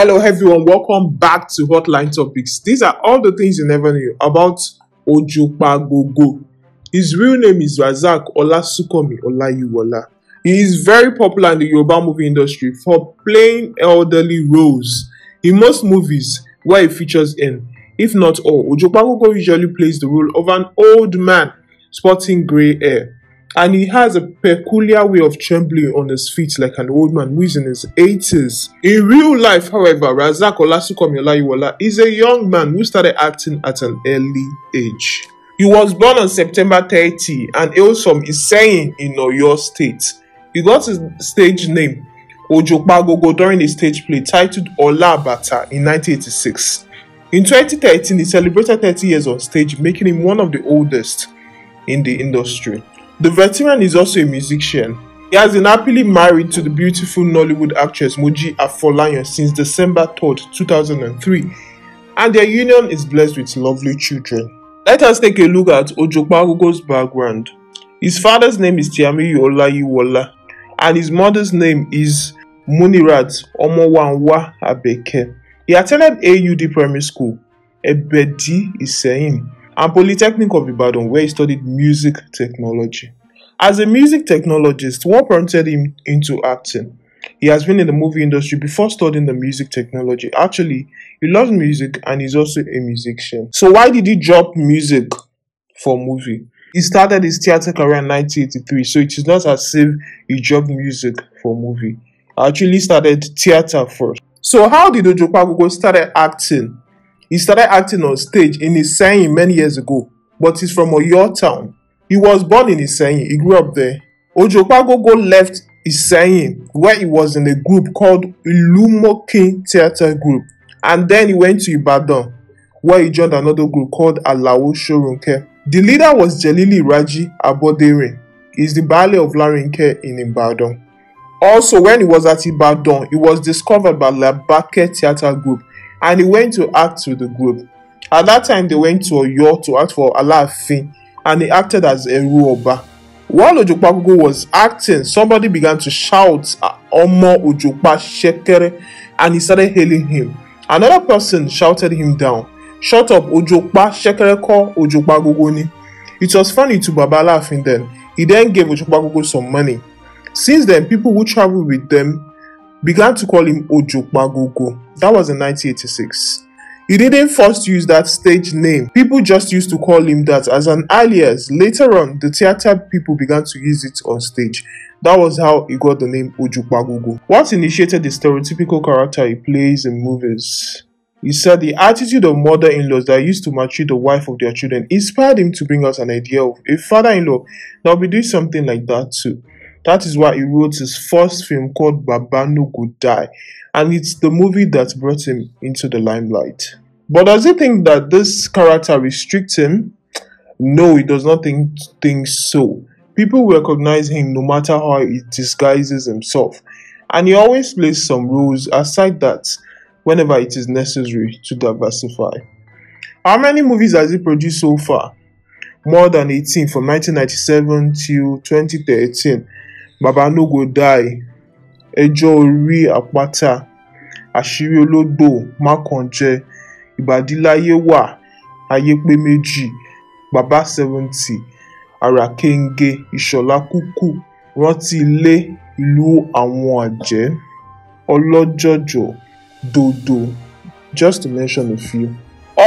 Hello, everyone. Welcome back to Hotline Topics. These are all the things you never knew about Ojupagogo. His real name is Razak Olasukomi Olayiwola. He is very popular in the Yoruba movie industry for playing elderly roles. In most movies where he features in, if not all, Ojupagogo usually plays the role of an old man sporting grey hair and he has a peculiar way of trembling on his feet like an old man who is in his 80s. In real life, however, Razak Olasukomi is a young man who started acting at an early age. He was born on September 30 and hails from Iseyin in Oyo State. He got his stage name Bagogo during a stage play titled Ola in 1986. In 2013, he celebrated 30 years on stage, making him one of the oldest in the industry. The veteran is also a musician. He has been happily married to the beautiful Nollywood actress Moji Afolayan since December 3, 2003, and their union is blessed with lovely children. Let us take a look at Bagogo's background. His father's name is Tiamiyu Olayiwola, and his mother's name is Munirat Omowanwa Abeke. He attended AUD Primary School, Ebedi saying and Polytechnic of Ibadan, where he studied music technology. As a music technologist, what prompted him into acting? He has been in the movie industry before studying the music technology. Actually, he loves music and he's also a musician. So why did he drop music for movie? He started his theater career in 1983, so it is not as if he dropped music for movie. Actually started theater first. So how did Ojo Pagogo started acting he started acting on stage in Isenyi many years ago, but he's from Oyo town. He was born in Isenyi, he grew up there. Ojokwagogo left Isenyi, where he was in a group called King Theatre Group, and then he went to Ibadan, where he joined another group called Alawo Shorunke. The leader was Jelili Raji Abodere. He's the ballet of Larinke in Ibadan. Also, when he was at Ibadan, he was discovered by Labake Theatre Group, and he went to act with the group. At that time, they went to Oyo to act for Alaafin, and he acted as Eru Oba. While Ojokpagogo was acting, somebody began to shout, Omo Ojokpa Shekere, and he started hailing him. Another person shouted him down, Shut up, Ojokpa Shekere ko ni. It was funny to Baba Alaafin then. He then gave Ojokpagogo some money. Since then, people who travel with them began to call him Ojopagogo. That was in 1986. He didn't first use that stage name. People just used to call him that as an alias. Later on, the theater people began to use it on stage. That was how he got the name Ojupagugu. What initiated the stereotypical character he plays in movies? He said the attitude of mother-in-laws that used to maltreat the wife of their children inspired him to bring out an idea of a father-in-law that would be doing something like that too. That is why he wrote his first film called Babanu Gudai, Die, and it's the movie that brought him into the limelight. But does he think that this character restricts him? No, he does not think, think so. People recognize him no matter how he disguises himself, and he always plays some roles aside that whenever it is necessary to diversify. How many movies has he produced so far? More than 18 from 1997 till 2013 baba no go die ẹjọ́ orí àpáta àṣírí ológbò mákànjẹ ìbàdí láyé wá ayé pé méjì bàbá seventy arákéńge ìṣọ̀lá kúkú rántí ilé ìlú àwọn àjẹ́ ọlọ́jọ̀jọ̀ dòdò just to mention a few.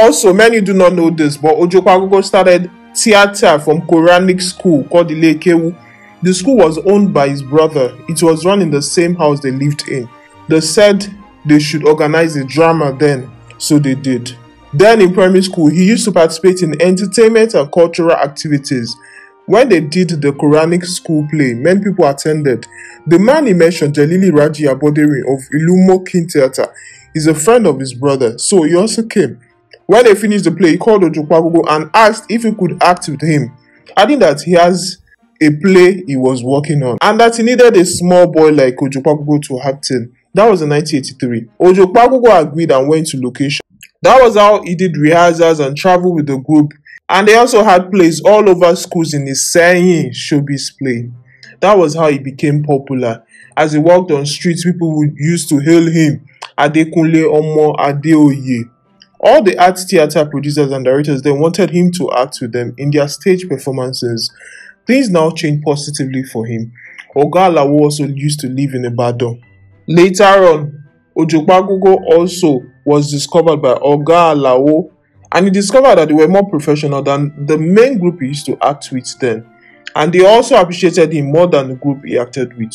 Also, many do not know this, but Ojo Pagogo started theater from Quranic school called Ile Kewu The school was owned by his brother. It was run in the same house they lived in. They said they should organize a drama then, so they did. Then in primary school, he used to participate in entertainment and cultural activities. When they did the Quranic school play, many people attended. The man he mentioned, Jalili Raji Abodiri of Ilumo King Theatre, is a friend of his brother, so he also came. When they finished the play, he called Ojukwagogo and asked if he could act with him, adding that he has a play he was working on and that he needed a small boy like Ojo Pagogo to act in. That was in 1983. Ojo Pagogo agreed and went to location. That was how he did rehearsals and traveled with the group and they also had plays all over schools in his saying showbiz play. That was how he became popular. As he walked on streets, people would used to hail him Adekunle Omo Adeoye. All the art theater producers and directors then wanted him to act with them in their stage performances. Things now changed positively for him. Ogalawo also used to live in Ibadan. Later on, Ojokwagogo also was discovered by Ogalawo and he discovered that they were more professional than the main group he used to act with then. And they also appreciated him more than the group he acted with.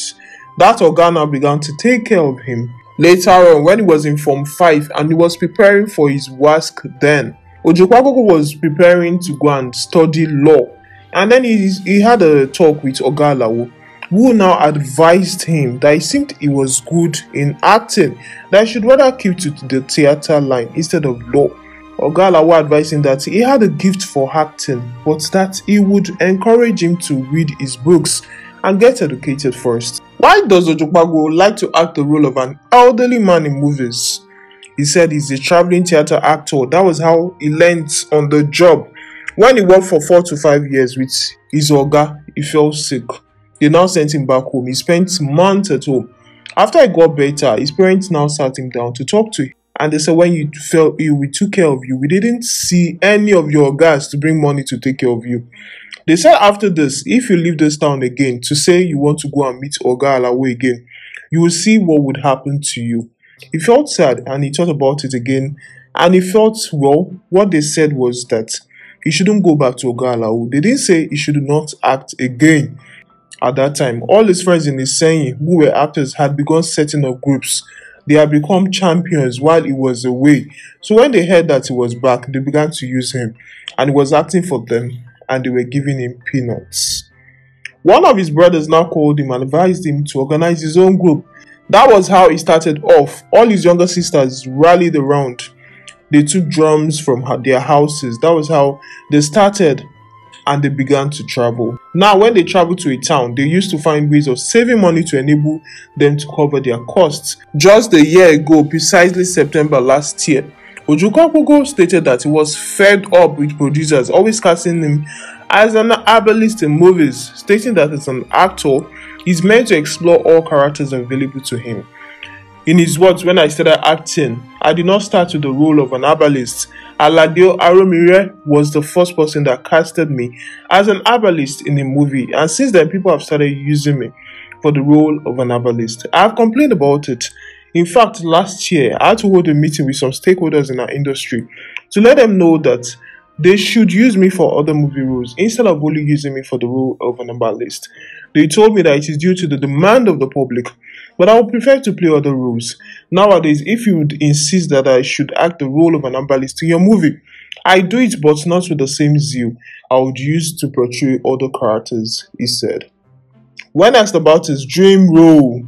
That Ogana began to take care of him. Later on, when he was in Form 5 and he was preparing for his wask then, Ojokwagogo was preparing to go and study law and then he, he had a talk with Ogalawo, who now advised him that it seemed he was good in acting, that he should rather keep to the theatre line instead of law. Ogala advised him that he had a gift for acting, but that he would encourage him to read his books and get educated first. Why does Ojukwago like to act the role of an elderly man in movies? He said he's a traveling theatre actor. That was how he learned on the job. When he worked for four to five years with his oga, he fell sick. They now sent him back home. He spent months at home. After he got better, his parents now sat him down to talk to him. And they said, when you fell ill, we took care of you. We didn't see any of your guys to bring money to take care of you. They said after this, if you leave this town again, to say you want to go and meet Oga away again, you will see what would happen to you. He felt sad and he thought about it again. And he felt, well, what they said was that he shouldn't go back to Ogalau. They didn't say he should not act again. At that time, all his friends in his saying who were actors had begun setting up groups. They had become champions while he was away. So when they heard that he was back, they began to use him and he was acting for them and they were giving him peanuts. One of his brothers now called him and advised him to organize his own group. That was how he started off. All his younger sisters rallied around they took drums from their houses. That was how they started and they began to travel. Now, when they traveled to a town, they used to find ways of saving money to enable them to cover their costs. Just a year ago, precisely September last year, Ojukwakogo stated that he was fed up with producers always casting him as an ableist in movies, stating that as an actor, he's meant to explore all characters available to him. In his words, when I started acting, I did not start with the role of an herbalist. Aladio Aromire was the first person that casted me as an herbalist in a movie, and since then, people have started using me for the role of an herbalist. I've complained about it. In fact, last year, I had to hold a meeting with some stakeholders in our industry to let them know that they should use me for other movie roles instead of only using me for the role of an herbalist. They told me that it is due to the demand of the public, but I would prefer to play other roles. Nowadays, if you would insist that I should act the role of an ambulance in your movie, I do it, but not with the same zeal I would use to portray other characters, he said. When asked about his dream role,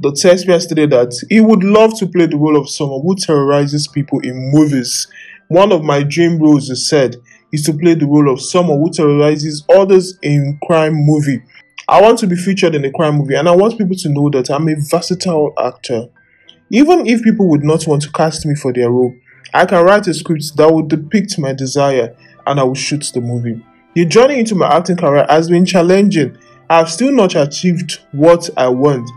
the thespian stated that he would love to play the role of someone who terrorizes people in movies. One of my dream roles, he said, is to play the role of someone who terrorizes others in crime movie. I want to be featured in a crime movie and I want people to know that I'm a versatile actor. Even if people would not want to cast me for their role, I can write a script that will depict my desire and I will shoot the movie. The journey into my acting career has been challenging. I have still not achieved what I want.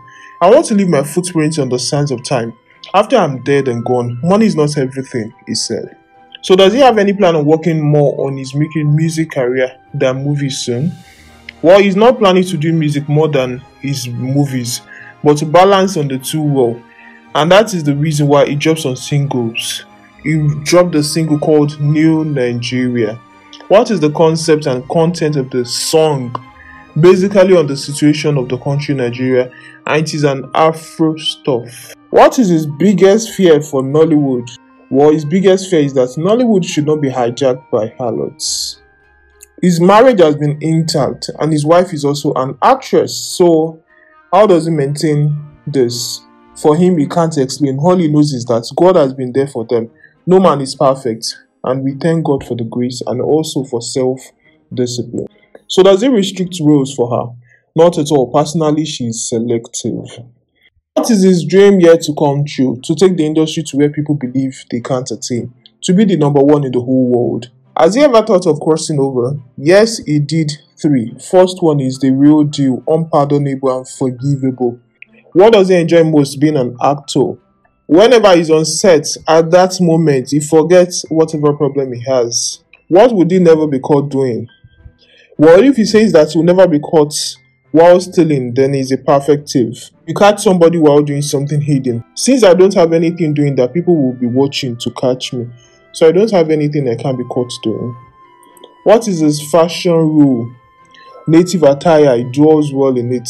I want to leave my footprints on the sands of time. After I'm dead and gone, money is not everything, he said. So does he have any plan on working more on his making music career than movies soon? Well, he's not planning to do music more than his movies, but to balance on the two well. And that is the reason why he drops on singles. He dropped a single called New Nigeria. What is the concept and content of the song? Basically, on the situation of the country Nigeria, and it is an Afro stuff. What is his biggest fear for Nollywood? Well, his biggest fear is that Nollywood should not be hijacked by harlots. His marriage has been intact and his wife is also an actress. So, how does he maintain this? For him, he can't explain. All he knows is that God has been there for them. No man is perfect, and we thank God for the grace and also for self discipline. So, does he restrict roles for her? Not at all. Personally, she's selective. What is his dream yet to come true? To take the industry to where people believe they can't attain, to be the number one in the whole world. Has he ever thought of crossing over? Yes, he did three. First one is the real deal, unpardonable and forgivable. What does he enjoy most? Being an actor. Whenever he's on set, at that moment, he forgets whatever problem he has. What would he never be caught doing? Well, if he says that he'll never be caught while stealing, then he's a perfect thief. You catch somebody while doing something hidden. Since I don't have anything doing that, people will be watching to catch me so I don't have anything I can be caught doing. What is his fashion rule? Native attire, he draws well in it.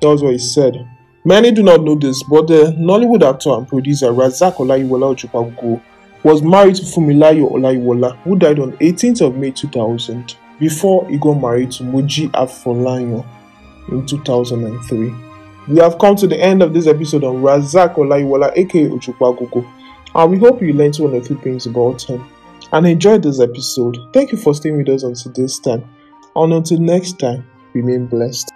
That's what he said. Many do not know this, but the Nollywood actor and producer Razak Olaiwola Ojupagugo was married to Fumilayo Olaiwola, who died on 18th of May 2000, before he got married to Moji Afolayan in 2003. We have come to the end of this episode on Razak Olaiwola, aka Ojupagugo and we hope you learned one or two things about him and enjoyed this episode. Thank you for staying with us until this time. And until next time, remain blessed.